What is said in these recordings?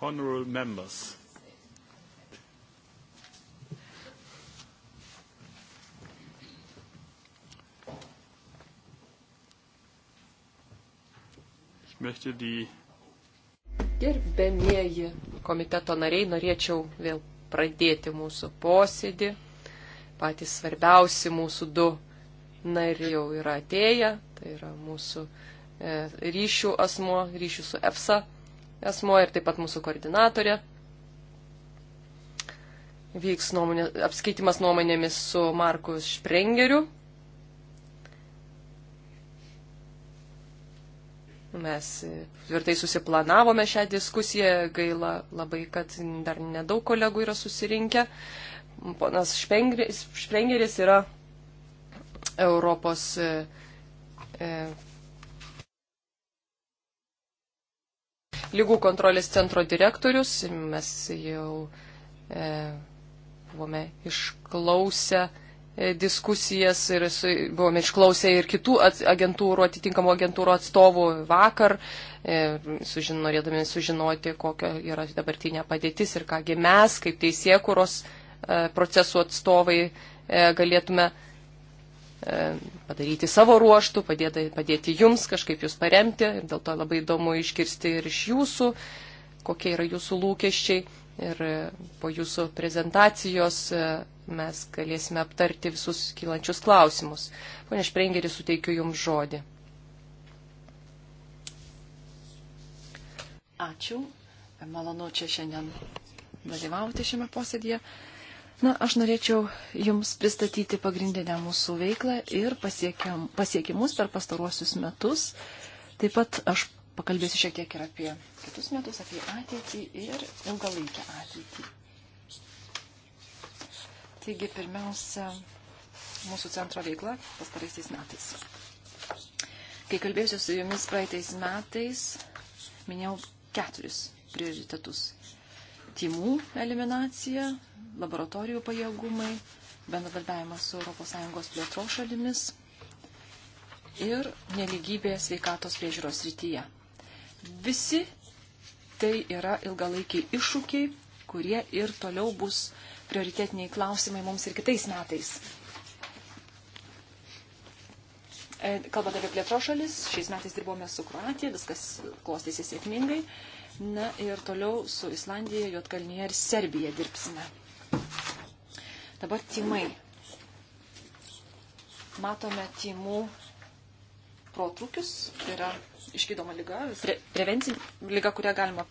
honourable members. Ich möchte die Gerbėmieji komiteto nariai, norėčiau vėl pradėti mūsų posėdį. Patys svarbiausi mūsų du nariai jau yra atėję, tai yra mūsų e, ryšių asmo, ryšių su EFSA asmo ir taip pat mūsų koordinatorė. Vyks nuomonė, apskaitimas nuomonėmis su Marku Šprengeriu. Mes tvirtai susiplanavome šią diskusiją, gaila labai, kad dar nedaug kolegų yra susirinkę. Ponas Šprengeris yra Europos e, lygų kontrolės centro direktorius. Mes jau e, buvome išklausę e, diskusijas ir su, buvome išklausę ir kitų agentūrų, atitinkamų agentūrų atstovų vakar, e, sužin, norėdami sužinoti, kokia yra dabartinė padėtis ir kągi mes, kaip teisėkuros e, procesų atstovai, e, galėtume e, E, padaryti savo ruoštų, padėti, padėti jums, kažkaip jūs paremti. Ir dėl to labai įdomu išgirsti ir iš jūsų, kokie yra jūsų lūkesčiai. Ir e, po jūsų prezentacijos e, mes galėsime aptarti visus kylančius klausimus. Pone Šprengerį, suteikiu jums žodį. Ačiū. Malonu čia šiandien dalyvauti šiame posėdėje. Na, aš norėčiau Jums pristatyti pagrindinę mūsų veiklą ir pasiekiam, pasiekimus per pastaruosius metus. Taip pat aš pakalbėsiu šiek tiek ir apie kitus metus, apie ateitį ir ilgalaikę ateitį. Taigi, pirmiausia, mūsų centro veikla pastaraisiais metais. Kai kalbėsiu su Jumis praeitais metais, minėjau keturis prioritetus tymų eliminacija, laboratorijų pajėgumai, bendradarbiavimas su ES plėtros šalimis ir neligybė sveikatos priežiūros rytyje. Visi tai yra ilgalaikiai iššūkiai, kurie ir toliau bus prioritetiniai klausimai mums ir kitais metais. E, kalbant apie plėtros šalis, šiais metais dirbome su Kroatija, viskas klostėsi sėkmingai. Na ir toliau su Islandija, Jotkalnyje ir Serbija dirbsime. Dabar timai. Matome timų protrukius, tai yra išgydoma lyga, pre, prevencinė lyga, kurią galima,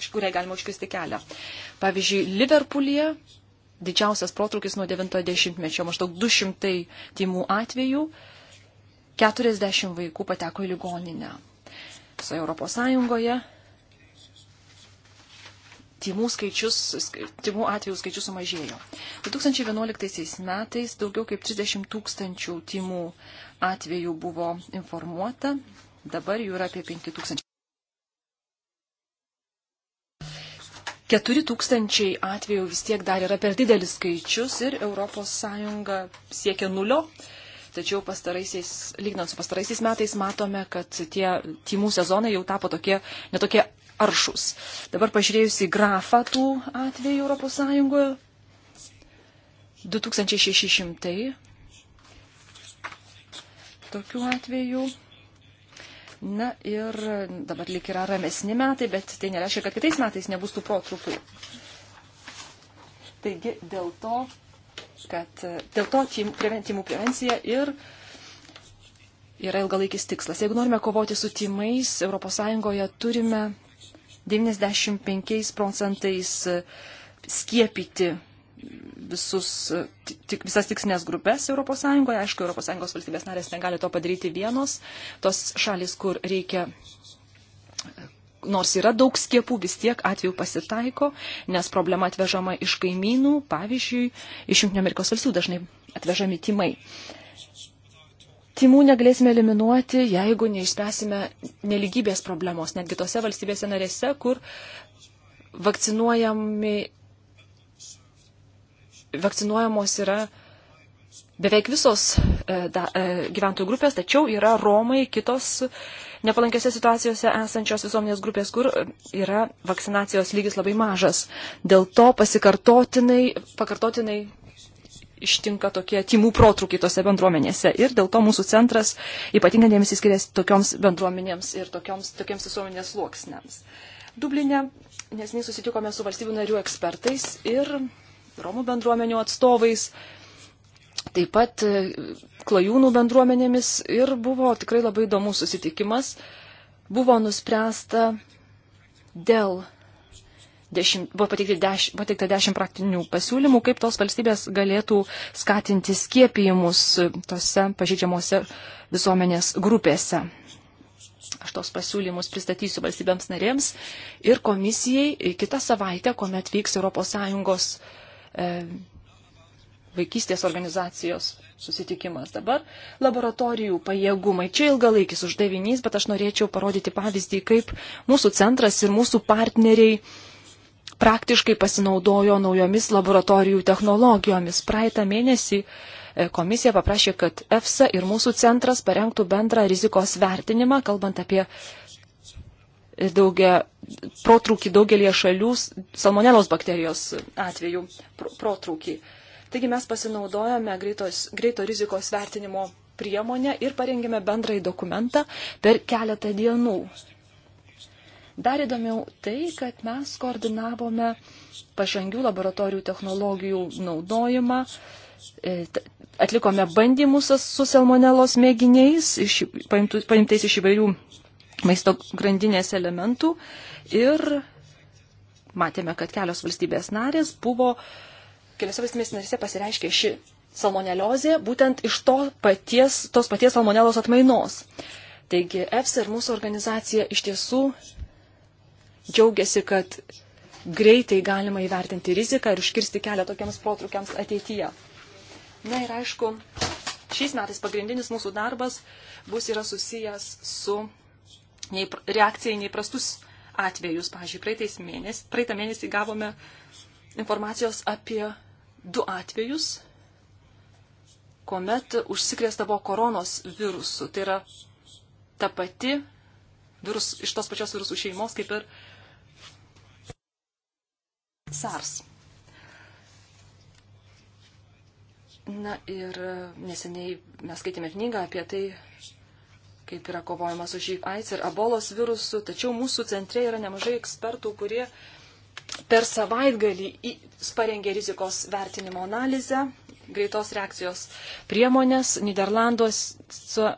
iš kurią galima užkristi kelią. Pavyzdžiui, Liverpoolyje didžiausias protrukis nuo 90-mečio, maždaug 200 timų atvejų, 40 vaikų pateko į ligoninę. Visoje Europos Sąjungoje tymų, skaičius, tymų atvejų skaičius sumažėjo. 2011 metais daugiau kaip 30 tūkstančių tymų atvejų buvo informuota, dabar jų yra apie 5 tūkstančių. 4 tūkstančiai atvejų vis tiek dar yra per didelis skaičius ir ES siekia nulio. Tačiau pastaraisiais, lygnant su pastaraisiais metais, matome, kad tie tymų sezonai jau tapo tokie, netokie aršus. Dabar pažiūrėjus į grafą tų atvejų ES, 2600 tokių atvejų. Na ir dabar lik yra ramesni metai, bet tai nereiškia, kad kitais metais nebus tų protrukių. Taigi dėl to, kad dėl to tymų prevencija ir yra ilgalaikis tikslas. Jeigu norime kovoti su tymais, ES turime 95 procentais e, skiepyti visus, e, tik, visas tikslinės grupės ES. Aišku, ES valstybės narės negali to padaryti vienos. Tos šalis, kur reikia. Nors yra daug skiepų, vis tiek atveju pasitaiko, nes problema atvežama iš kaimynų, pavyzdžiui, iš Junktinio Amerikos valstybių dažnai atvežami timai. Uh, tymų negalėsime eliminuoti, jeigu neišspręsime neligybės problemos, netgi tose valstybėse narėse, kur vakcinuojami, vakcinuojamos yra beveik visos e, da, e, gyventojų grupės, tačiau yra Romai, kitos nepalankiose situacijose esančios visuomenės grupės, kur e, yra vakcinacijos lygis labai mažas. Dėl to pasikartotinai, pakartotinai ištinka tokie timų protrukiai tose bendruomenėse. Ir dėl to mūsų centras ypatingai dėmesį skiria tokioms bendruomenėms ir tokioms, tokiems visuomenės sluoksniams. Dublinė, nes mes susitikome su valstybių narių ekspertais ir Romų bendruomenių atstovais, taip pat e, klajūnų bendruomenėmis ir buvo tikrai labai įdomus susitikimas. Buvo nuspręsta dėl dešimt, buvo deš, pateikta dešimt praktinių pasiūlymų, kaip tos valstybės galėtų skatinti skiepijimus tose pažydžiamose visuomenės grupėse. Aš tos pasiūlymus pristatysiu valstybėms narėms ir komisijai kitą savaitę, kuomet vyks ES e, vaikystės organizacijos susitikimas dabar. Laboratorijų pajėgumai. Čia ilgalaikis uždavinys, bet aš norėčiau parodyti pavyzdį, kaip mūsų centras ir mūsų partneriai praktiškai pasinaudojo naujomis laboratorijų technologijomis. Praeitą mėnesį e, komisija paprašė, kad EFSA ir mūsų centras parengtų bendrą rizikos vertinimą, kalbant apie e, daugia, protrūkį daugelie šalių salmonelos bakterijos atveju protrūkį. Taigi mes pasinaudojame greitos, greito rizikos vertinimo priemonę ir parengėme bendrąjį dokumentą per keletą dienų. Dar įdomiau tai, kad mes koordinavome pažangių laboratorijų technologijų naudojimą, e, atlikome bandymus su salmonelos mėginiais, iš, paimtų, paimtais iš įvairių maisto grandinės elementų ir matėme, kad kelios valstybės narės buvo, keliose valstybės narėse pasireiškė ši salmoneliozė būtent iš to paties, tos paties salmonelos atmainos. Taigi EFS ir mūsų organizacija iš tiesų džiaugiasi, kad greitai galima įvertinti riziką ir užkirsti kelią tokiems protrukiams ateityje. Na ir aišku, šiais metais pagrindinis mūsų darbas bus yra susijęs su reakcija į neįprastus atvejus. Pavyzdžiui, mėnes, praeitą mėnesį gavome informacijos apie du atvejus, kuomet užsikrėsta buvo koronos virusu. Tai yra ta pati virus, iš tos pačios virusų šeimos, kaip ir SARS. Na ir e, neseniai mes skaitėme knygą apie tai, kaip yra kovojama su živ AIDS ir abolos virusu, tačiau mūsų centre yra nemažai ekspertų, kurie per savaitgalį parengė rizikos vertinimo analizę, greitos reakcijos priemonės Niderlandos,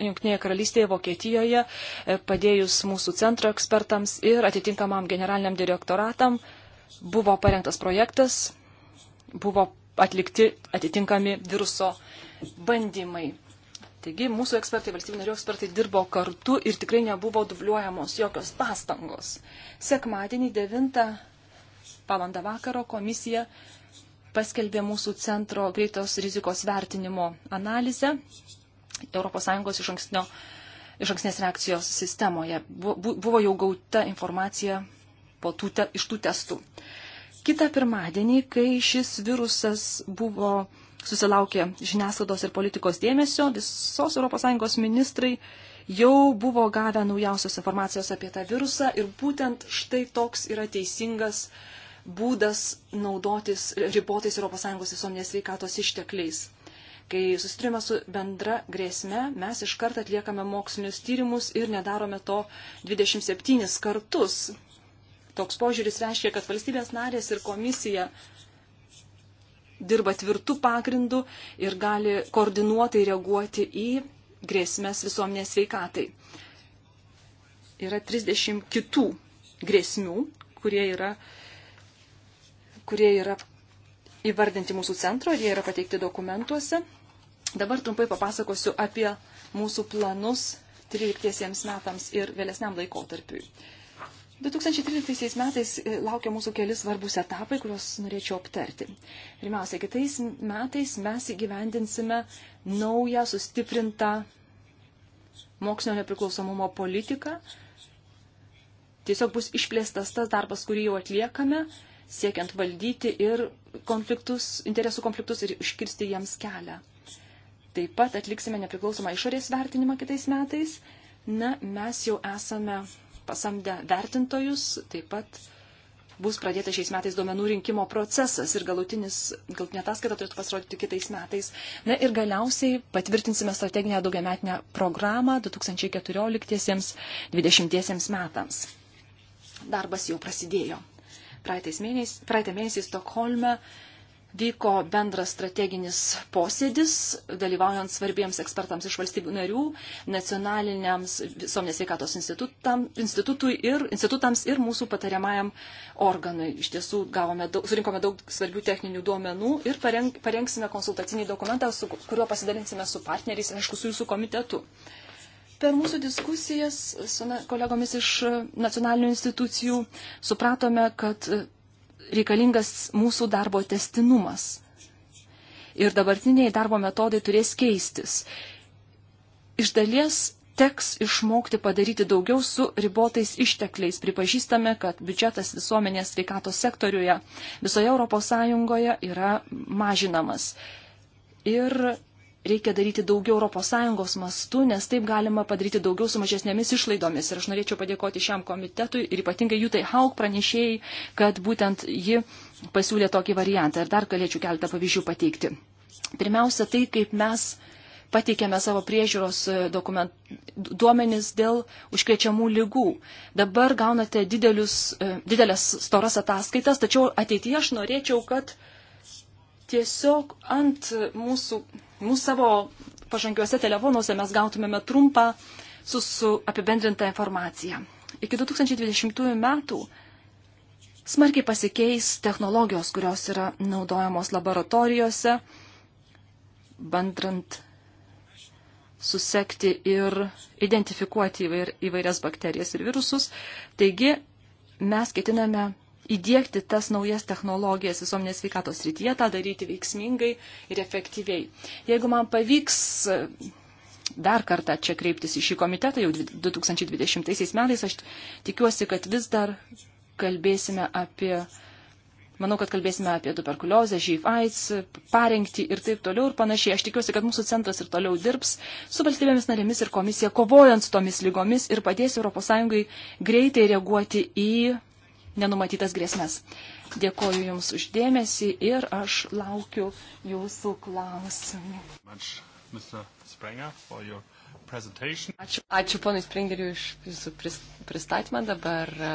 Junktinėje karalystėje, Vokietijoje, e, padėjus mūsų centro ekspertams ir atitinkamam generaliniam direktoratam Buvo parengtas projektas, buvo atlikti atitinkami viruso bandymai. Taigi mūsų ekspertai, valstybių narių ekspertai dirbo kartu ir tikrai nebuvo dubliuojamos jokios pastangos. Sekmadienį 9 val. vakaro komisija paskelbė mūsų centro greitos rizikos vertinimo analizę ES iš, anksnio, iš anksnės reakcijos sistemoje. Buvo jau gauta informacija po tų te, iš tų testų. Kita pirmadienį, kai šis virusas buvo susilaukė žiniasklaidos ir politikos dėmesio, visos ES ministrai jau buvo gavę naujausios informacijos apie tą virusą ir būtent štai toks yra teisingas būdas naudotis ribotais ES visuomenės veikatos ištekliais. Kai susiturime su bendra grėsme, mes iš karto atliekame mokslinius tyrimus ir nedarome to 27 kartus. Toks požiūris reiškia, kad valstybės narės ir komisija dirba tvirtų pagrindų ir gali koordinuotai reaguoti į grėsmės visuomenės veikatai. Yra 30 kitų grėsmių, kurie yra, kurie yra įvardinti mūsų centro ir jie yra pateikti dokumentuose. Dabar trumpai papasakosiu apie mūsų planus 13 metams ir vėlesniam laikotarpiui. 2013 metais e, laukia mūsų keli svarbus etapai, kuriuos norėčiau aptarti. Pirmiausia, kitais metais mes įgyvendinsime naują sustiprintą mokslinio nepriklausomumo politiką. Tiesiog bus išplėstas tas darbas, kurį jau atliekame, siekiant valdyti ir konfliktus, interesų konfliktus ir iškirsti jiems kelią. Taip pat atliksime nepriklausomą išorės vertinimą kitais metais. Na, mes jau esame pasamdę vertintojus, taip pat bus pradėta šiais metais duomenų rinkimo procesas ir galutinis, galutinė ataskaita turėtų pasirodyti kitais metais. Na ir galiausiai patvirtinsime strateginę daugiametinę programą 2014-2020 metams. Darbas jau prasidėjo. Praeitais mėnesiais, praeitą mėnesį Stokholme uh, vyko bendras strateginis posėdis, dalyvaujant svarbiems ekspertams iš valstybių narių, nacionaliniams visuomenės veikatos institutui ir institutams ir mūsų patariamajam organui. Iš tiesų gavome, daug, surinkome daug svarbių techninių duomenų ir pareng, parengsime konsultacinį dokumentą, su kuriuo pasidalinsime su partneriais, aišku, su jūsų komitetu. Per mūsų diskusijas su kolegomis iš nacionalinių institucijų supratome, kad reikalingas mūsų darbo testinumas. Ir dabartiniai darbo metodai turės keistis. Iš dalies teks išmokti padaryti daugiau su ribotais ištekliais. Pripažįstame, kad biudžetas visuomenės sveikatos sektoriuje visoje ES yra mažinamas. Ir reikia daryti daugiau ES mastu, nes taip galima padaryti daugiau su mažesnėmis išlaidomis. Ir aš norėčiau padėkoti šiam komitetui ir ypatingai Jutai Hauk pranešėjai, kad būtent ji pasiūlė tokį variantą. Ir dar galėčiau keletą pavyzdžių pateikti. Pirmiausia, tai kaip mes pateikėme savo priežiūros e, dokument, duomenis dėl užkrečiamų lygų. Dabar gaunate didelius, e, didelės storas ataskaitas, tačiau ateityje aš norėčiau, kad uh, tiesiog ant mūsų, mūsų savo pažangiuose telefonuose mes gautumėme trumpą su, su apibendrinta informacija. Iki 2020 metų smarkiai pasikeis technologijos, kurios yra naudojamos laboratorijose, bandrant susekti ir identifikuoti įvair, įvairias bakterijas ir virusus. Taigi mes ketiname įdėkti tas naujas technologijas visuomenės veikatos rytyje, tą daryti veiksmingai ir efektyviai. Jeigu man pavyks e, dar kartą čia kreiptis į šį komitetą jau 2020 metais, aš tikiuosi, kad vis dar kalbėsime apie. Manau, kad kalbėsime apie tuberkuliozę, živ AIDS, parengti ir taip toliau ir panašiai. Aš tikiuosi, kad mūsų centras ir toliau dirbs su valstybėmis narėmis ir komisija, kovojant su tomis lygomis ir padės ES greitai reaguoti į nenumatytas grėsmės. Dėkoju Jums uždėmesi ir aš laukiu Jūsų klausimų. Ačiū, ačiū ponui Springeriu iš Jūsų pristatymą. Dabar e,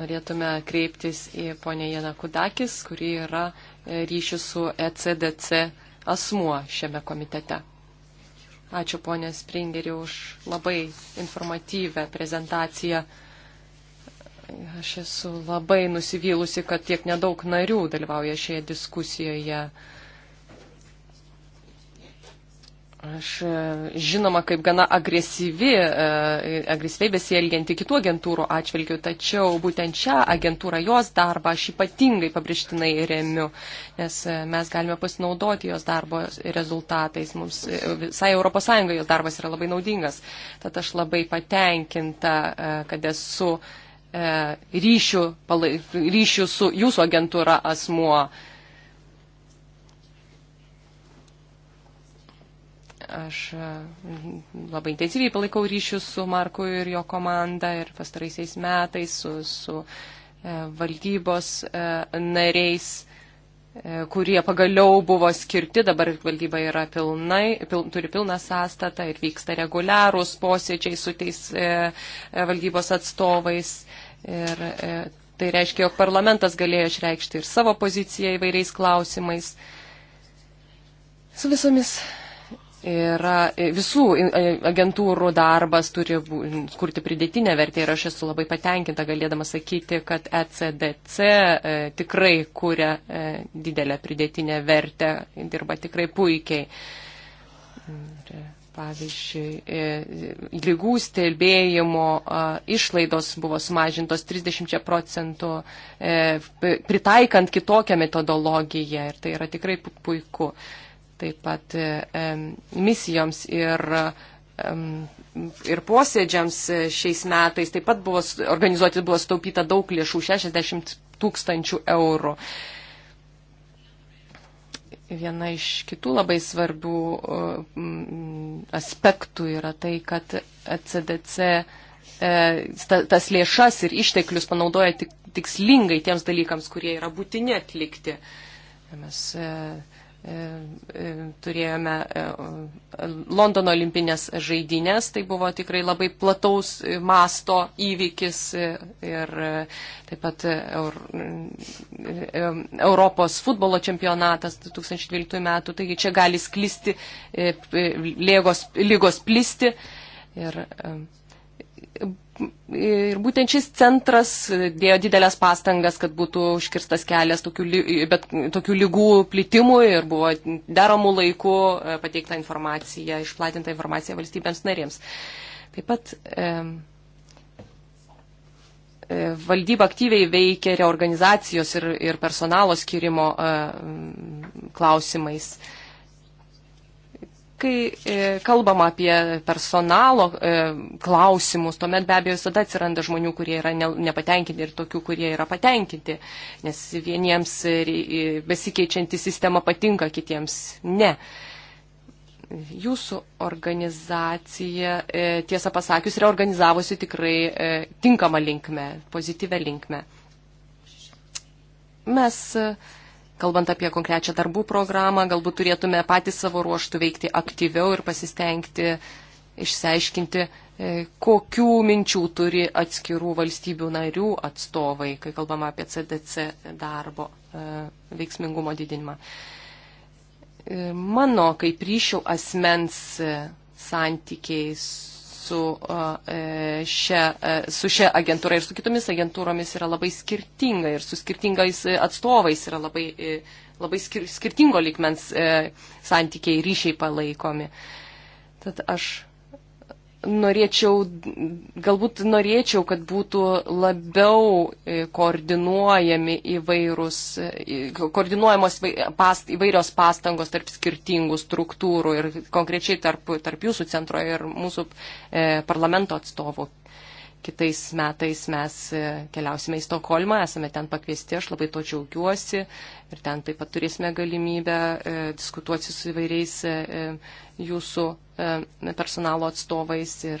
norėtume kreiptis į ponę Janą Kudakis, kuri yra e, ryšių su ECDC asmuo šiame komitete. Ačiū ponė Springeriu už labai informatyvę prezentaciją. Aš esu labai nusivylusi, kad tiek nedaug narių dalyvauja šioje diskusijoje. Aš e, žinoma, kaip gana agresyvi, e, agresyviai besielgianti kitų agentūrų atšvilgių, tačiau būtent šią agentūrą, jos darbą aš ypatingai pabrėžtinai remiu, nes e, mes galime pasinaudoti jos darbo rezultatais. Mums visai ES jos darbas yra labai naudingas. Tad aš labai patenkinta, kad esu E, ryšių, palai, ryšių su jūsų agentūra asmuo. Aš e, labai intensyviai palaikau ryšius su Marku ir jo komanda ir pastaraisiais metais su, su e, valdybos nariais, kurie pagaliau buvo skirti, dabar valdyba yra pilnai, pil, turi pilną sąstatą ir vyksta reguliarūs posėdžiai su tais valdybos atstovais. E, Ir e, tai reiškia, jog parlamentas galėjo išreikšti ir savo poziciją įvairiais klausimais. Su visomis yra e, visų e, agentūrų darbas turi kurti pridėtinę vertę ir aš esu labai patenkinta galėdama sakyti, kad ECDC tikrai kuria didelę pridėtinę vertę, dirba tikrai puikiai. Ir Pavyzdžiui, e, lygų stebėjimo išlaidos buvo sumažintos 30 procentų, e, pritaikant kitokią metodologiją ir tai yra tikrai puiku. Taip pat e, misijoms ir, ir posėdžiams šiais metais taip pat buvo organizuoti, buvo staupyta daug lėšų, 60 tūkstančių eurų viena iš kitų labai svarbių aspektų yra tai, kad CDC e e, tas lėšas ir išteklius panaudoja tik, tikslingai tiems dalykams, kurie yra būtini atlikti. Mes e, E, e, turėjome e, Londono olimpinės žaidynės, tai buvo tikrai labai plataus masto įvykis ir taip pat Europos futbolo čempionatas 2012 metų, taigi čia gali sklisti, lėgos, lygos plisti. Ir, ir būtent šis centras dėjo didelės pastangas, kad būtų užkirstas kelias tokių, bet, tokių lygų plitimui ir buvo deramų laikų e, pateikta informacija, išplatinta informacija valstybėms narėms. Taip pat e, e, valdyba aktyviai veikia reorganizacijos ir, ir personalo skirimo e, klausimais. E, kai e, kalbam apie personalo e, klausimus, tuomet be abejo visada atsiranda žmonių, kurie yra nepatenkinti ir tokių, kurie yra patenkinti, nes vieniems e, besikeičianti sistema patinka, kitiems ne jūsų organizacija, tiesą pasakius, reorganizavosi tikrai tinkamą linkmę, pozityvę linkmę. Mes Kalbant apie konkrečią darbų programą, galbūt turėtume patys savo ruoštų veikti aktyviau ir pasistengti išsiaiškinti, e, kokių minčių turi atskirų valstybių narių atstovai, kai kalbama apie CDC darbo e, veiksmingumo didinimą. E, mano kaip ryšių asmens santykiais su, e, šia, e, su šia agentūra ir su kitomis agentūromis yra labai skirtinga ir su skirtingais atstovais yra labai, e, labai skir, skirtingo likmens santykiai ryšiai palaikomi. Tad aš norėčiau, galbūt norėčiau, kad būtų labiau e, koordinuojami įvairūs, e, koordinuojamos past, įvairios pastangos tarp skirtingų struktūrų ir konkrečiai tarp, tarp jūsų centro ir mūsų e, parlamento atstovų kitais metais mes e, keliausime į Stokholmą, esame ten pakviesti, aš labai to džiaugiuosi ir ten taip pat turėsime galimybę e, diskutuoti su įvairiais e, jūsų personalo atstovais ir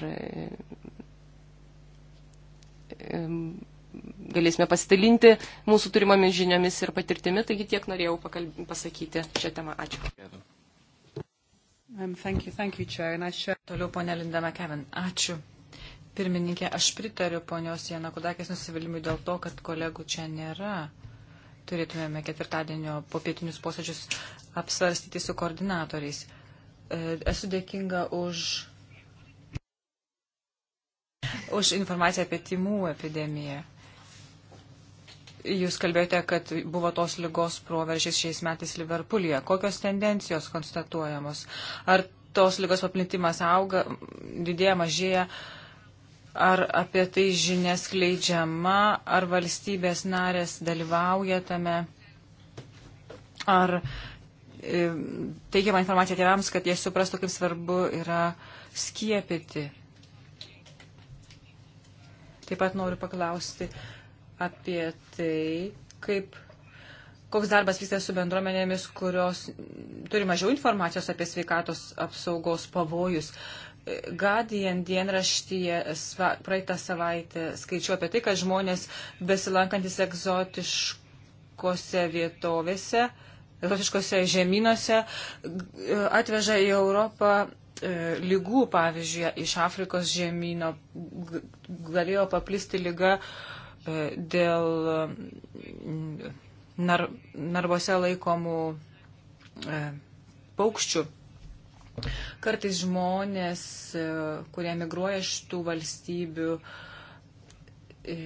galėsime pasidalinti mūsų turimomis žiniomis ir patirtimi, taigi tiek norėjau pakalb... pasakyti šią temą. Ačiū. Um, thank you, thank you, Chair, and I share... Toliau, ponė Linda McKevin. Ačiū. Pirmininkė, aš pritariu ponios Janakudakės nusivylimui dėl to, kad kolegų čia nėra. Turėtumėme ketvirtadienio popietinius posėdžius apsvarstyti su koordinatoriais. E, esu dėkinga už, už informaciją apie timų epidemiją. Jūs kalbėjote, kad buvo tos lygos proveržys šiais metais Liverpoolyje. Kokios tendencijos konstatuojamos? Ar tos lygos paplintimas auga, didėja, mažėja? Uh, Ar apie tai žinias kleidžiama, ar valstybės narės dalyvauja tame, ar e, teigiama informacija tėvams, kad jie suprastų, kaip svarbu yra skiepyti. Taip pat noriu paklausti apie tai, kaip, koks darbas vyksta su bendruomenėmis, kurios turi mažiau informacijos apie sveikatos apsaugos pavojus. Guardian dienraštyje praeitą savaitę skaičiu apie tai, kad žmonės besilankantis egzotiškose vietovėse, egzotiškose žemynuose e, atveža į Europą e, lygų, pavyzdžiui, iš Afrikos žemyno galėjo paplisti lyga e, dėl mm, nar, narvose laikomų paukščių Kartais žmonės, e, kurie migruoja iš tų valstybių, e,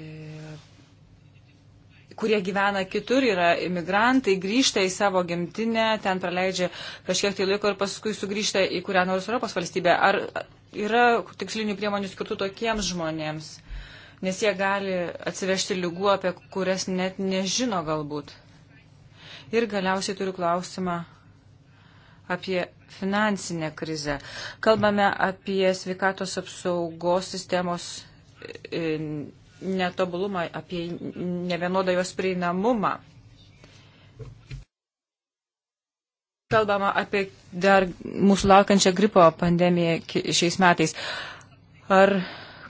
kurie gyvena kitur, yra imigrantai, grįžta į savo gimtinę, ten praleidžia kažkiek tai laiko ir paskui sugrįžta į kurią nors Europos valstybę. Ar yra tikslinių priemonių skirtų tokiems žmonėms? Nes jie gali atsivežti lygų, apie kurias net nežino galbūt. Ir galiausiai turiu klausimą apie finansinę krizę. Kalbame apie sveikatos apsaugos sistemos e, netobulumą, apie nevienodą jos prieinamumą. Kalbama apie dar mūsų laukiančią gripo pandemiją šiais metais. Ar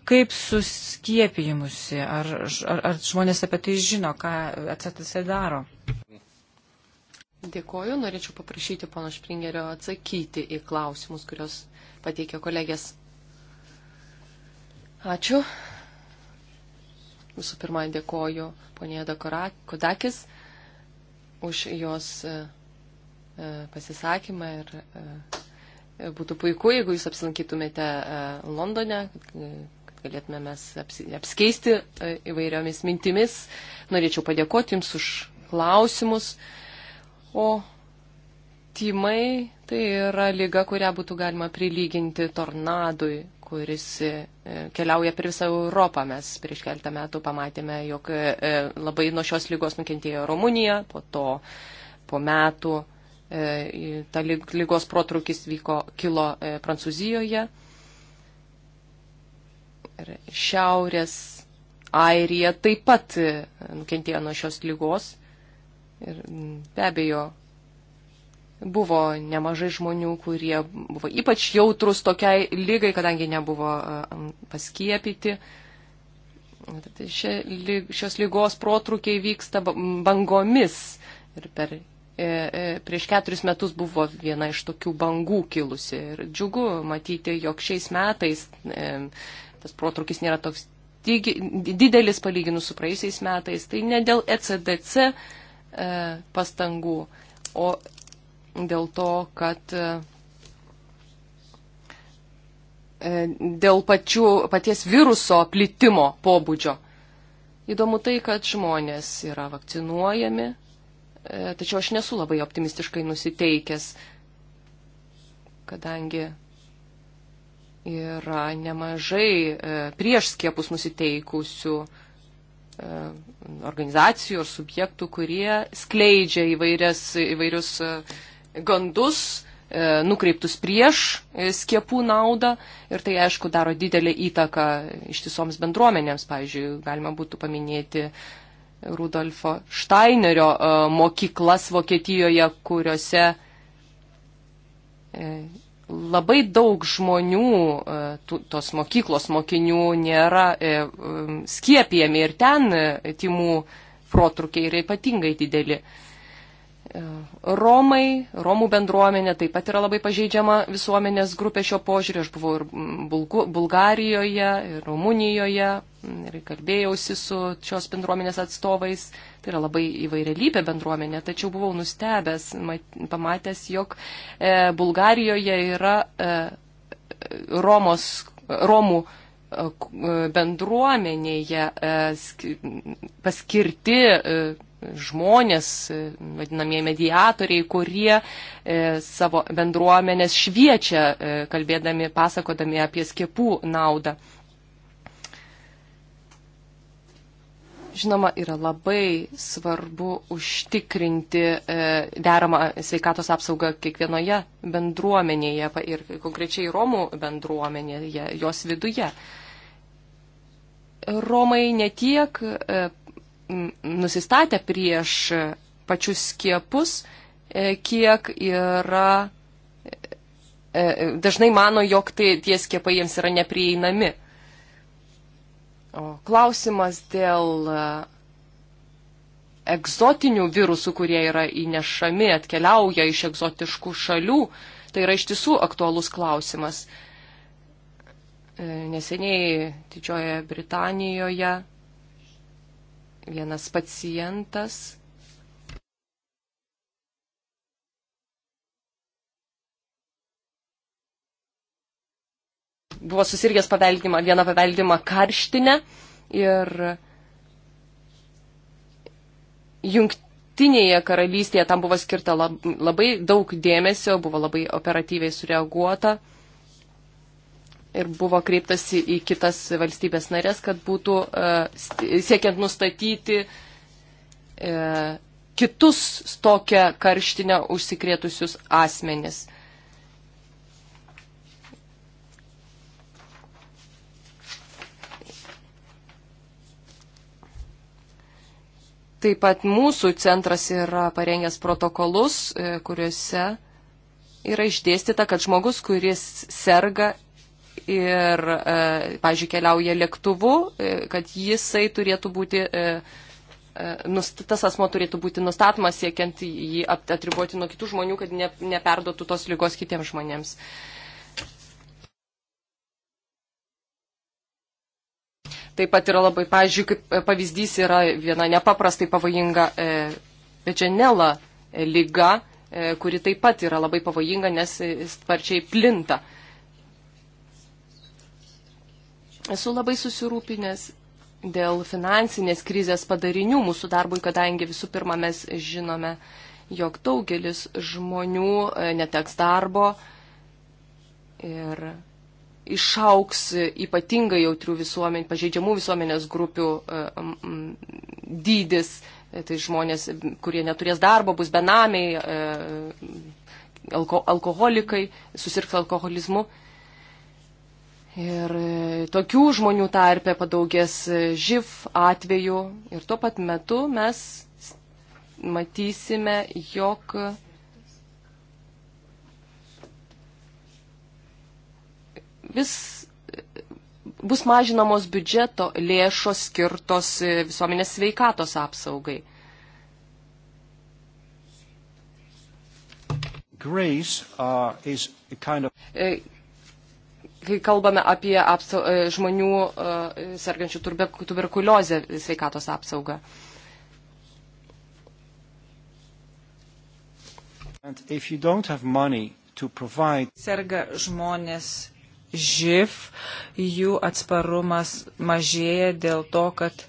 kaip suskiepijimusi, ar, ar, ar žmonės apie tai žino, ką atsatasi daro? Dėkoju, norėčiau paprašyti pono Špringerio atsakyti į klausimus, kurios pateikė kolegės. Ačiū. Visų pirma, dėkoju ponė Kodakis už jos e, e, pasisakymą ir e, būtų puiku, jeigu jūs apsilankytumėte Londone, kad galėtume mes apskeisti įvairiomis mintimis. Norėčiau padėkoti jums už klausimus. O tymai tai yra lyga, kurią būtų galima prilyginti tornadui, kuris e, keliauja per visą Europą. Mes prieš keltą metų pamatėme, jog e, labai nuo šios lygos nukentėjo Rumunija, po to po metų e, ta lygos protrukis vyko, kilo Prancūzijoje. Ir šiaurės Airija taip pat nukentėjo nuo šios lygos. Ir mm, be abejo, buvo nemažai žmonių, kurie buvo ypač jautrus tokiai lygai, kadangi nebuvo paskiepyti. Tai šia, šios lygos protrukiai vyksta bangomis. Ir per, e, e, prieš keturis metus buvo viena iš tokių bangų kilusi. Ir džiugu matyti, jog šiais metais e, tas protrukis nėra toks digi, didelis palyginus su praeisiais metais. Tai ne dėl ECDC E, pastangų, o dėl to, kad e, dėl pačių, paties viruso plitimo pobūdžio. Įdomu tai, kad žmonės yra vakcinuojami, e, tačiau aš nesu labai optimistiškai nusiteikęs, kadangi yra nemažai prieš skiepus nusiteikusių E, organizacijų ir subjektų, kurie skleidžia įvairias, įvairius e, gandus, e, nukreiptus prieš skiepų naudą ir tai aišku daro didelį įtaką ištisoms bendruomenėms. Pavyzdžiui, galima būtų paminėti Rudolfo Steinerio mokyklas Vokietijoje, kuriuose labai daug žmonių, e, tos mokyklos mokinių nėra e, skiepijami ir ten e, timų protrukiai yra ypatingai dideli. E, Romai, Romų bendruomenė taip pat yra labai pažeidžiama visuomenės grupė šio požiūrį. Aš buvau ir mm, Bulgu, Bulgarijoje, ir Rumunijoje, mm, ir kalbėjausi su šios bendruomenės atstovais. Tai yra labai įvairialybė bendruomenė, tačiau buvau nustebęs, mat, pamatęs, jog e, Bulgarijoje yra e, Romos, Romų e, e, bendruomenėje paskirti žmonės, vadinamieji mediatoriai, kurie e, savo bendruomenės šviečia, e, kalbėdami, pasakodami apie skiepų naudą. žinoma, yra labai svarbu užtikrinti e, deramą sveikatos apsaugą kiekvienoje bendruomenėje ir konkrečiai Romų bendruomenėje, jos viduje. Romai netiek nusistatę prieš pačius skiepus, e, kiek yra, e, e, dažnai mano, jog tai, tie skiepai jiems yra neprieinami. O klausimas dėl egzotinių virusų, kurie yra įnešami, atkeliauja iš egzotiškų šalių, tai yra iš tiesų aktualus klausimas. Neseniai Didžiojoje Britanijoje Vienas pacientas buvo susirgęs paveldimą, vieną paveldimą karštinę ir jungtinėje karalystėje tam buvo skirta labai daug dėmesio, buvo labai operatyviai sureaguota ir buvo kreiptasi į kitas valstybės narės, kad būtų e, siekiant nustatyti e, kitus tokią karštinę užsikrėtusius asmenis. Taip pat mūsų centras yra parengęs protokolus, e, kuriuose yra išdėstyta, kad žmogus, kuris serga ir, e, pažiūrėjau, keliauja lėktuvu, e, kad jisai turėtų būti, e, tas asmo turėtų būti nustatomas siekiant jį atriboti nuo kitų žmonių, kad ne, neperdotų tos lygos kitiems žmonėms. Taip pat yra labai, pažiūrėjau, kaip pavyzdys yra viena nepaprastai pavojinga pečenela lyga, kuri taip pat yra labai pavojinga, nes sparčiai plinta. Esu labai susirūpinęs dėl finansinės krizės padarinių mūsų darbui, kadangi visų pirma mes žinome, jog daugelis žmonių e, neteks darbo ir išauks ypatingai jautrių visuomenės, pažeidžiamų visuomenės grupių e, dydis. E, tai žmonės, kurie neturės darbo, bus benamiai, alko, alkoholikai, susirgs alkoholizmu. Ir e, tokių žmonių tarpe padaugės e, živ atveju. Ir tuo pat metu mes matysime, jog vis e, bus mažinamos biudžeto lėšos skirtos visuomenės sveikatos apsaugai. Grace, uh, is a kind of kai kalbame apie apsau, e, žmonių e, sergančių tuberkuliozę sveikatos apsaugą. Provide... Serga žmonės živ, jų atsparumas mažėja dėl to, kad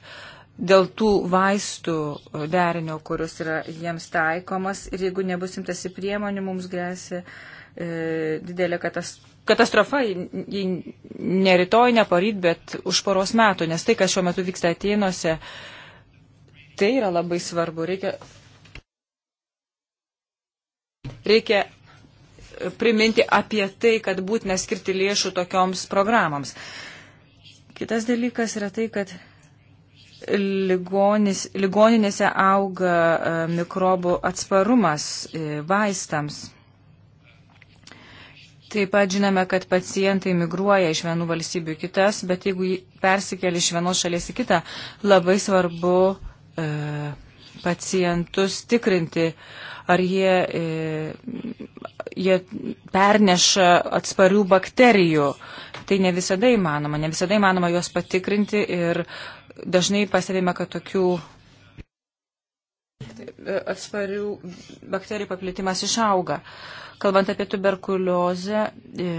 dėl tų vaistų e, derinio, kurios yra jiems taikomas ir jeigu nebus imtasi priemonių, mums grėsia e, didelė katastrofa katastrofa, jei ne rytoj, ne paryt, bet už poros metų, nes tai, kas šiuo metu vyksta Atenose, tai yra labai svarbu. Reikia, reikia priminti apie tai, kad būtina skirti lėšų tokioms programams. Kitas dalykas yra tai, kad ligonis, ligoninėse auga e, mikrobų atsparumas e, vaistams. Taip pat žinome, kad pacientai migruoja iš vienų valstybių į kitas, bet jeigu persikeli iš vienos šalies į kitą, labai svarbu e, pacientus tikrinti, ar jie, e, jie perneša atsparių bakterijų. Tai ne visada įmanoma, ne visada įmanoma juos patikrinti ir dažnai pastebime, kad tokių atsparių bakterijų paplitimas išauga. Kalbant apie tuberkuliozę, e,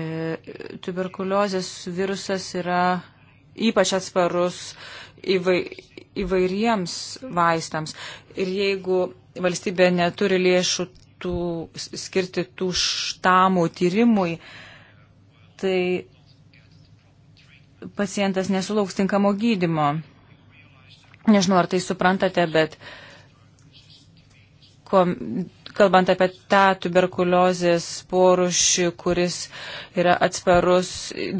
tuberkuliozės virusas yra ypač atsparus įvai, įvairiems vaistams. Ir jeigu valstybė neturi lėšų tų, skirti tų štamų tyrimui, tai pacientas nesulauks tinkamo gydimo. Nežinau, ar tai suprantate, bet uh, kom, kalbant apie tą tuberkuliozės porušį, kuris yra atsparus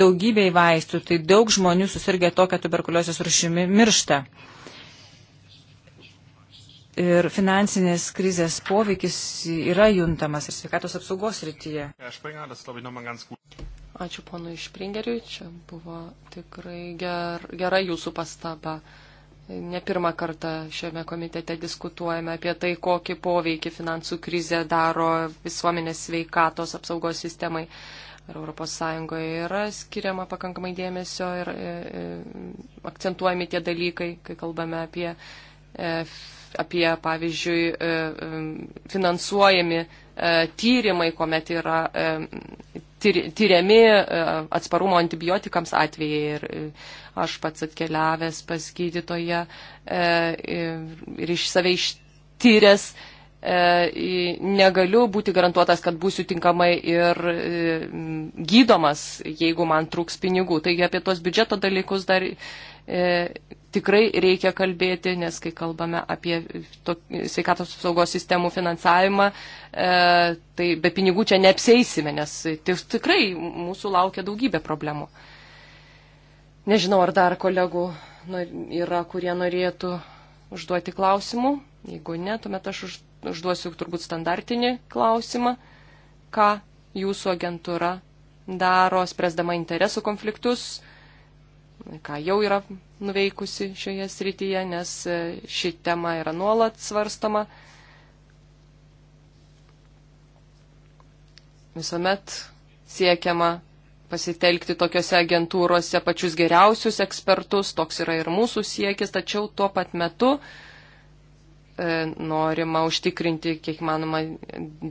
daugybei vaistų, tai daug žmonių susirgia tokią tuberkuliozės rušimi miršta. Ir finansinės krizės poveikis yra juntamas ir sveikatos apsaugos rytyje. Ačiū ponui Špringeriui, čia buvo tikrai ger, gera jūsų pastaba. Ne pirmą kartą šiame komitete diskutuojame apie tai, kokį poveikį finansų krizė daro visuomenės sveikatos apsaugos sistemai. Ar ES yra skiriama pakankamai dėmesio ir e, e, akcentuojami tie dalykai, kai kalbame apie, e, apie pavyzdžiui, e, e, finansuojami e, tyrimai, kuomet yra e, tyriami e, atsparumo antibiotikams atvejai. Ir e, aš pats atkeliavęs pas gydytoją e, ir iš savai ištyręs negaliu būti garantuotas, kad būsiu tinkamai ir gydomas, jeigu man trūks pinigų. Taigi apie tos biudžeto dalykus dar E, tikrai reikia kalbėti, nes kai kalbame apie to, sveikatos apsaugos sistemų finansavimą, e, tai be pinigų čia neapsėsime, nes tikrai mūsų laukia daugybė problemų. Nežinau, ar dar kolegų yra, kurie norėtų užduoti klausimų. Jeigu ne, tuomet aš užduosiu turbūt standartinį klausimą, ką jūsų agentūra daro, spręsdama interesų konfliktus ką jau yra nuveikusi šioje srityje, nes e, ši tema yra nuolat svarstama. Visuomet siekiama pasitelkti tokiuose agentūrose pačius geriausius ekspertus, toks yra ir mūsų siekis, tačiau tuo pat metu e, norima užtikrinti, kiek manoma,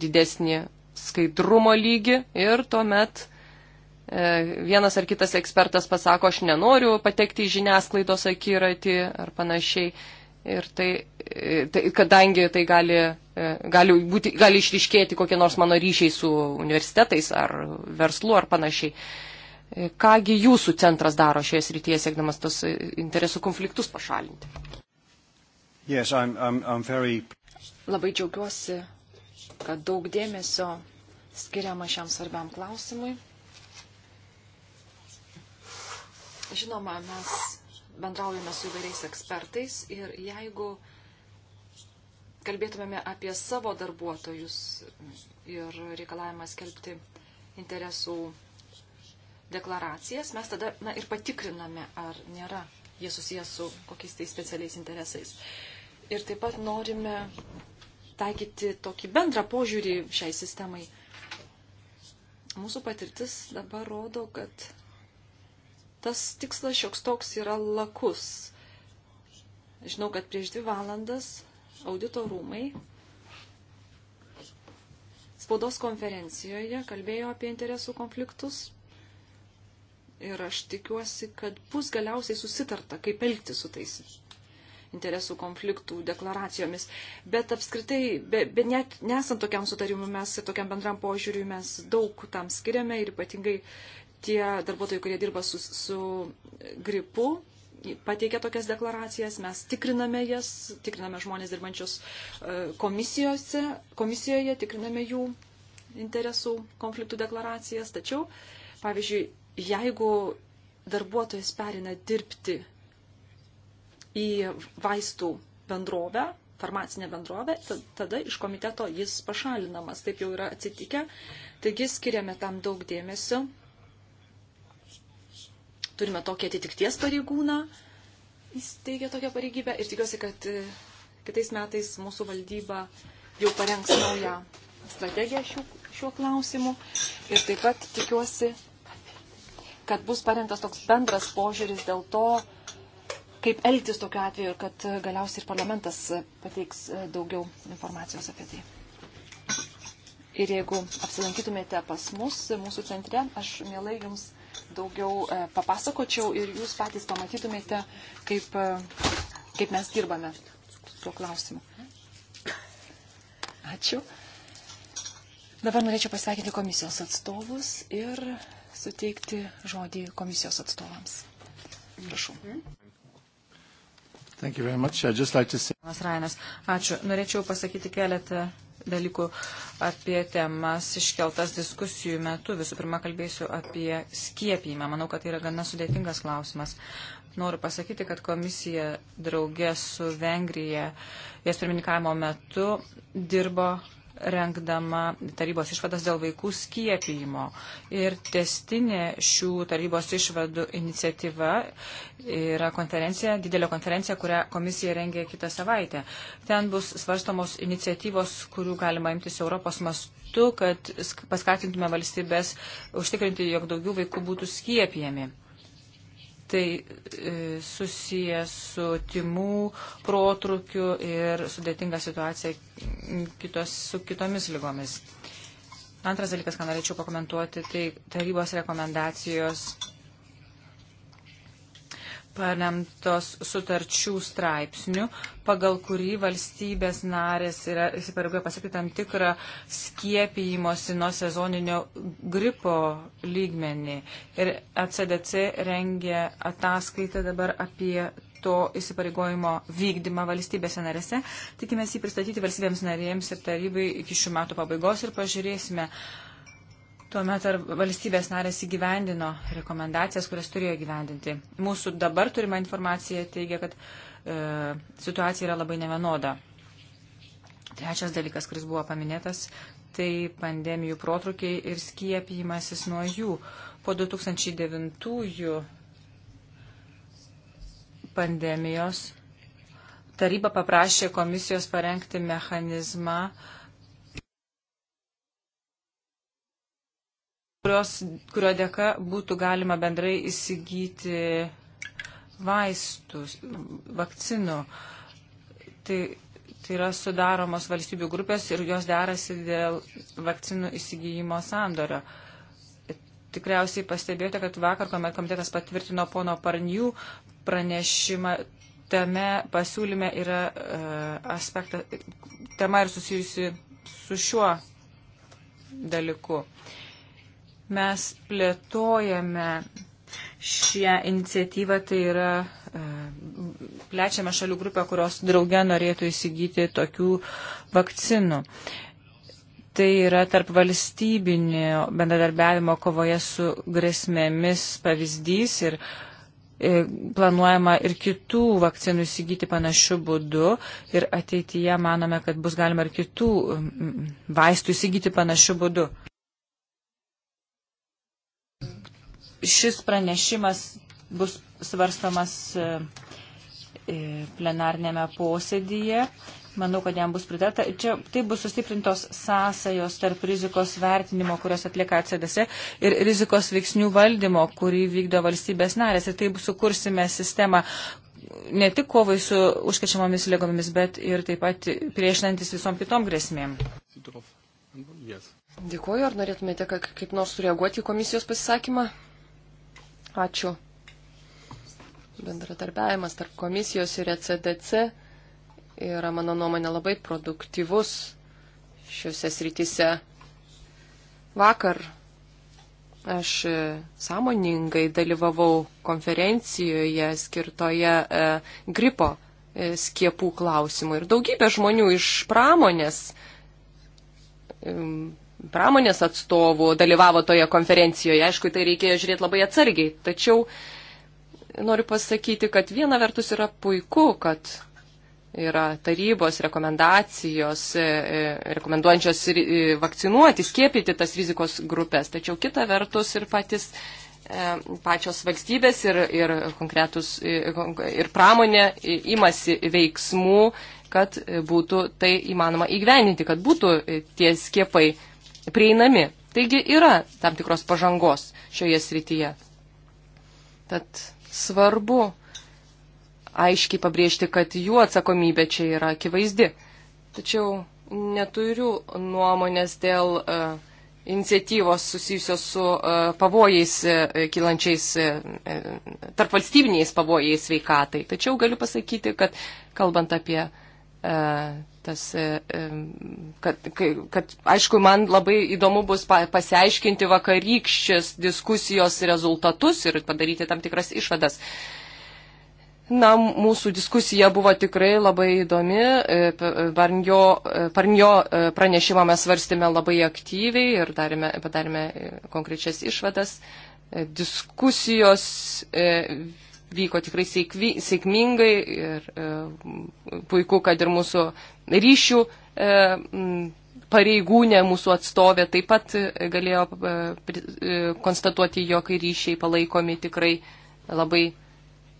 didesnį skaidrumo lygį ir tuomet E, vienas ar kitas ekspertas pasako, aš nenoriu patekti į žiniasklaidos akiratį ar panašiai. Ir tai, e, tai kadangi tai gali, e, gali, būti, gali išriškėti kokie nors mano ryšiai su universitetais ar verslu ar panašiai. Kągi jūsų centras daro šioje srityje, siekdamas tos interesų konfliktus pašalinti? Yes, I'm, I'm, I'm very... Labai džiaugiuosi, kad daug dėmesio skiriama šiam svarbiam klausimui. Žinoma, mes bendraujame su įvairiais ekspertais ir jeigu kalbėtumėme apie savo darbuotojus ir reikalavimą skelbti interesų deklaracijas, mes tada na, ir patikriname, ar nėra jie susijęs su kokiais tai specialiais interesais. Ir taip pat norime taikyti tokį bendrą požiūrį šiai sistemai. Mūsų patirtis dabar rodo, kad tas tikslas šioks toks yra lakus. Žinau, kad prieš dvi valandas audito rūmai spaudos konferencijoje kalbėjo apie interesų konfliktus. Ir aš tikiuosi, kad bus galiausiai susitarta, kaip elgti su tais interesų konfliktų deklaracijomis. Bet apskritai, bet be net nesant tokiam sutarimui, mes ir tokiam bendram požiūriui mes daug tam skiriame ir ypatingai tie darbuotojai, kurie dirba su, su gripu, pateikia tokias deklaracijas, mes tikriname jas, tikriname žmonės dirbančius e, komisijose, komisijoje, tikriname jų interesų konfliktų deklaracijas. Tačiau, pavyzdžiui, jeigu darbuotojas perina dirbti į vaistų bendrovę, farmacinę bendrovę, tada iš komiteto jis pašalinamas. Taip jau yra atsitikę. Taigi skiriame tam daug dėmesio turime tokį atitikties pareigūną, jis teigia tokią pareigybę ir tikiuosi, kad e, kitais metais mūsų valdyba jau parengs naują strategiją šių, šiuo klausimu. Ir taip pat tikiuosi, kad bus parengtas toks bendras požiūris dėl to, kaip elgtis tokiu atveju ir kad e, galiausiai ir parlamentas pateiks e, daugiau informacijos apie tai. Ir jeigu apsilankytumėte pas mus, mūsų centre, aš mielai jums daugiau e, papasakočiau ir jūs patys pamatytumėte, kaip, e, kaip mes dirbame tuo klausimu. Ačiū. Dabar norėčiau pasveikinti komisijos atstovus ir suteikti žodį komisijos atstovams. Prašau. Like say... Ačiū. Norėčiau pasakyti keletą dalykų apie temas iškeltas diskusijų metu. Visų pirma, kalbėsiu apie skiepijimą. Manau, kad tai yra gana sudėtingas klausimas. Noriu pasakyti, kad komisija draugė su Vengrija, jas pirmininkavimo metu dirbo renkdama tarybos išvadas dėl vaikų skiepijimo. Ir testinė šių tarybos išvadų iniciatyva yra konferencija, didelė konferencija, kurią komisija rengia kitą savaitę. Ten bus svarstomos iniciatyvos, kurių galima imtis Europos mastu, kad paskatintume valstybės užtikrinti, jog daugiau vaikų būtų skiepijami tai e, susijęs su timų protrukiu ir sudėtinga situacija kitos, su kitomis lygomis. Antras dalykas, ką norėčiau pakomentuoti, tai tarybos rekomendacijos paremtos sutarčių straipsnių, pagal kurį valstybės narės yra įsipareigoję pasakyti tam tikrą skiepijimosi nuo sezoninio gripo lygmenį. Ir ACDC rengia ataskaitą dabar apie to įsipareigojimo vykdymą valstybėse narėse. Tikimės jį pristatyti valstybėms narėms ir tarybai iki šių metų pabaigos ir pažiūrėsime, uh, Tuomet ar valstybės narės įgyvendino rekomendacijas, kurias turėjo įgyvendinti. Mūsų dabar turima informacija teigia, kad e, situacija yra labai nevienoda. Trečias dalykas, kuris buvo paminėtas, tai pandemijų protrukiai ir skiepijimasis nuo jų. Po 2009 pandemijos taryba paprašė komisijos parengti mechanizmą, e, kurios, kurio dėka būtų galima bendrai įsigyti vaistus, vakcinų. Tai, tai yra sudaromos valstybių grupės ir jos derasi dėl vakcinų įsigijimo sandorio. Tikriausiai pastebėjote, kad vakar, kuomet komitetas patvirtino pono Parnių pranešimą, tame pasiūlyme yra uh, e, aspektas, tema ir susijusi su šiuo dalyku. Uh, Mes plėtojame šią iniciatyvą, tai yra e, plečiame šalių grupę, kurios drauge norėtų įsigyti tokių vakcinų. Tai yra tarp valstybinio bendradarbiavimo kovoje su grėsmėmis pavyzdys ir e, planuojama ir kitų vakcinų įsigyti panašiu būdu ir ateityje manome, kad bus galima ir kitų vaistų įsigyti panašiu būdu. šis pranešimas bus svarstomas e, e, plenarnėme posėdyje. Manau, kad jam bus pritarta. Čia taip bus sustiprintos sąsajos tarp rizikos vertinimo, kurios atlieka CDC, ir rizikos veiksnių valdymo, kurį vykdo valstybės narės. Ir taip sukursime sistemą ne tik kovai su užkečiamomis lygomis, bet ir taip pat priešinantis visom kitom grėsmėm. Dėkuoju, ar norėtumėte kaip nors sureaguoti į komisijos pasisakymą? Ačiū. Bendradarbiavimas tarp komisijos ir ECDC yra, mano nuomonė, labai produktyvus šiuose srityse. Vakar aš sąmoningai dalyvavau konferencijoje skirtoje e, gripo e, skiepų klausimų ir daugybė žmonių iš pramonės e, pramonės atstovų dalyvavo toje konferencijoje. Aišku, tai reikėjo žiūrėti labai atsargiai. Tačiau noriu pasakyti, kad viena vertus yra puiku, kad yra tarybos rekomendacijos, e, e, rekomenduojančios e, vakcinuoti, skiepyti tas rizikos grupės. Tačiau kita vertus ir patys pačios valstybės ir, ir, konkretus, ir pramonė imasi veiksmų, kad būtų tai įmanoma įgyveninti, kad būtų tie skiepai prieinami. Taigi yra tam tikros pažangos šioje srityje. Tad svarbu aiškiai pabrėžti, kad jų atsakomybė čia yra akivaizdi. Tačiau neturiu nuomonės dėl uh, iniciatyvos susijusios su uh, pavojais uh, kylančiais, uh, tarpvalstybiniais pavojais sveikatai. Tačiau galiu pasakyti, kad kalbant apie uh, E, tas, e, e, kad, kad, aišku, man labai įdomu bus pasiaiškinti vakarykščias diskusijos rezultatus ir padaryti tam tikras išvadas. Na, mūsų diskusija buvo tikrai labai įdomi. Parnio, parnio pranešimą mes svarstėme labai aktyviai ir darėme, padarėme konkrečias išvadas. Diskusijos vyko tikrai sėkvi, sėkmingai ir e, puiku, kad ir mūsų ryšių e, pareigūnė, mūsų atstovė taip pat e, galėjo e, e, konstatuoti, jog ryšiai palaikomi tikrai labai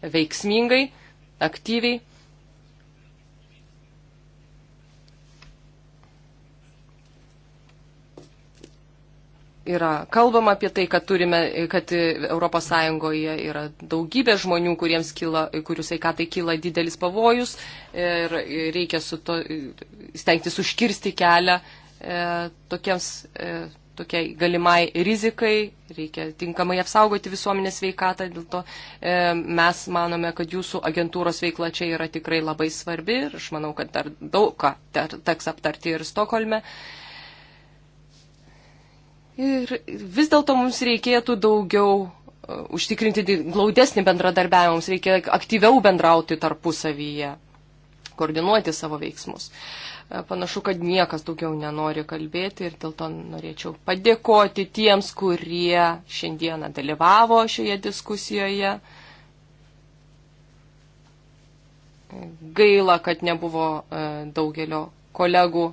veiksmingai, aktyviai. yra kalbama apie tai, kad, turime, kad ES yra daugybė žmonių, kuriems kyla, kurių sveikatai kyla didelis pavojus ir reikia su to, stengtis užkirsti kelią e, tokiems, e, tokiai galimai rizikai, reikia tinkamai apsaugoti visuomenės sveikatą, dėl to e, mes manome, kad jūsų agentūros veikla čia yra tikrai labai svarbi ir aš manau, kad dar daug ką teks aptarti ir Stokholme. E, Ir vis dėlto mums reikėtų daugiau e, užtikrinti glaudesnį bendradarbiavimą, mums reikia aktyviau bendrauti tarpusavyje, koordinuoti savo veiksmus. E, panašu, kad niekas daugiau nenori kalbėti ir dėl to norėčiau padėkoti tiems, kurie šiandieną dalyvavo šioje diskusijoje. Gaila, kad nebuvo e, daugelio kolegų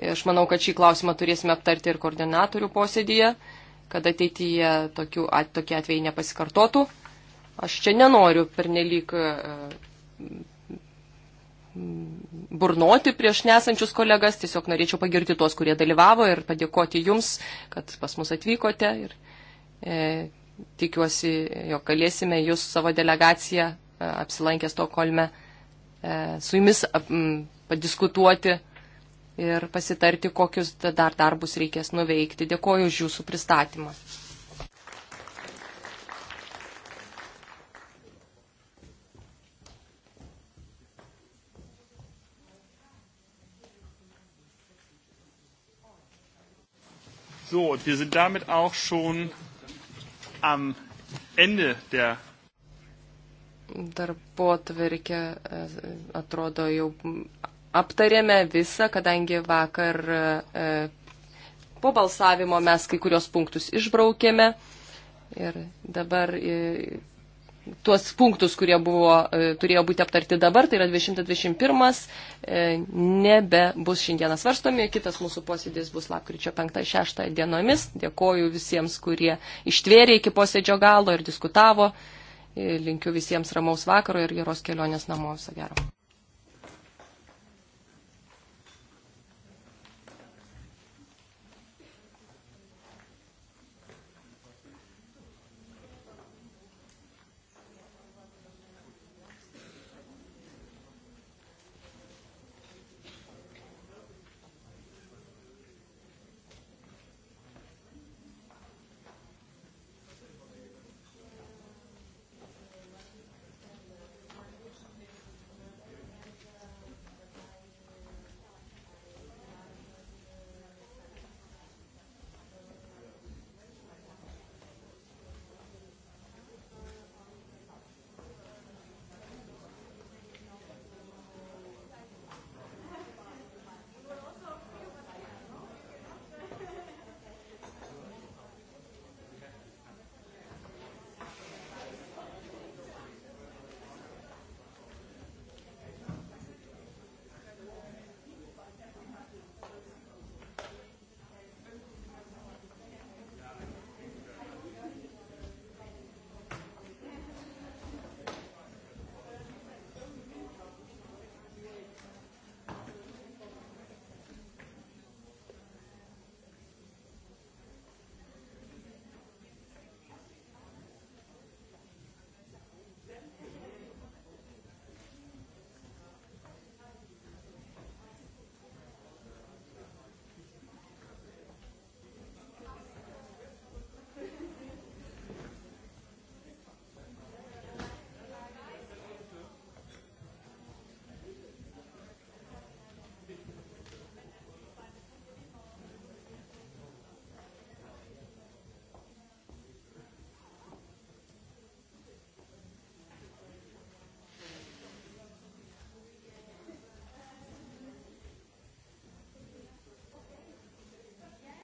Aš manau, kad šį klausimą turėsime aptarti ir koordinatorių posėdėje, kad ateityje tokių, at, tokie atvejai nepasikartotų. Aš čia nenoriu pernelyg e, burnoti prieš nesančius kolegas, tiesiog norėčiau pagirti tuos, kurie dalyvavo ir padėkoti jums, kad pas mus atvykote ir e, tikiuosi, jog galėsime jūs savo delegaciją e, apsilankę Stokholme e, su jumis ap, m, padiskutuoti ir pasitarti, kokius dar darbus reikės nuveikti. Dėkoju už jūsų pristatymą. So, wir sind damit auch schon am Ende der. Darbo tvarkė e, atrodo jau aptarėme visą, kadangi vakar e, po balsavimo mes kai kurios punktus išbraukėme ir dabar e, tuos punktus, kurie buvo, e, turėjo būti aptarti dabar, tai yra 221, nebebus šiandieną svarstomi, kitas mūsų posėdis bus lapkričio 5-6 dienomis. Dėkoju visiems, kurie ištvėrė iki posėdžio galo ir diskutavo. Linkiu visiems ramaus vakaro ir geros kelionės namo. Viso gero.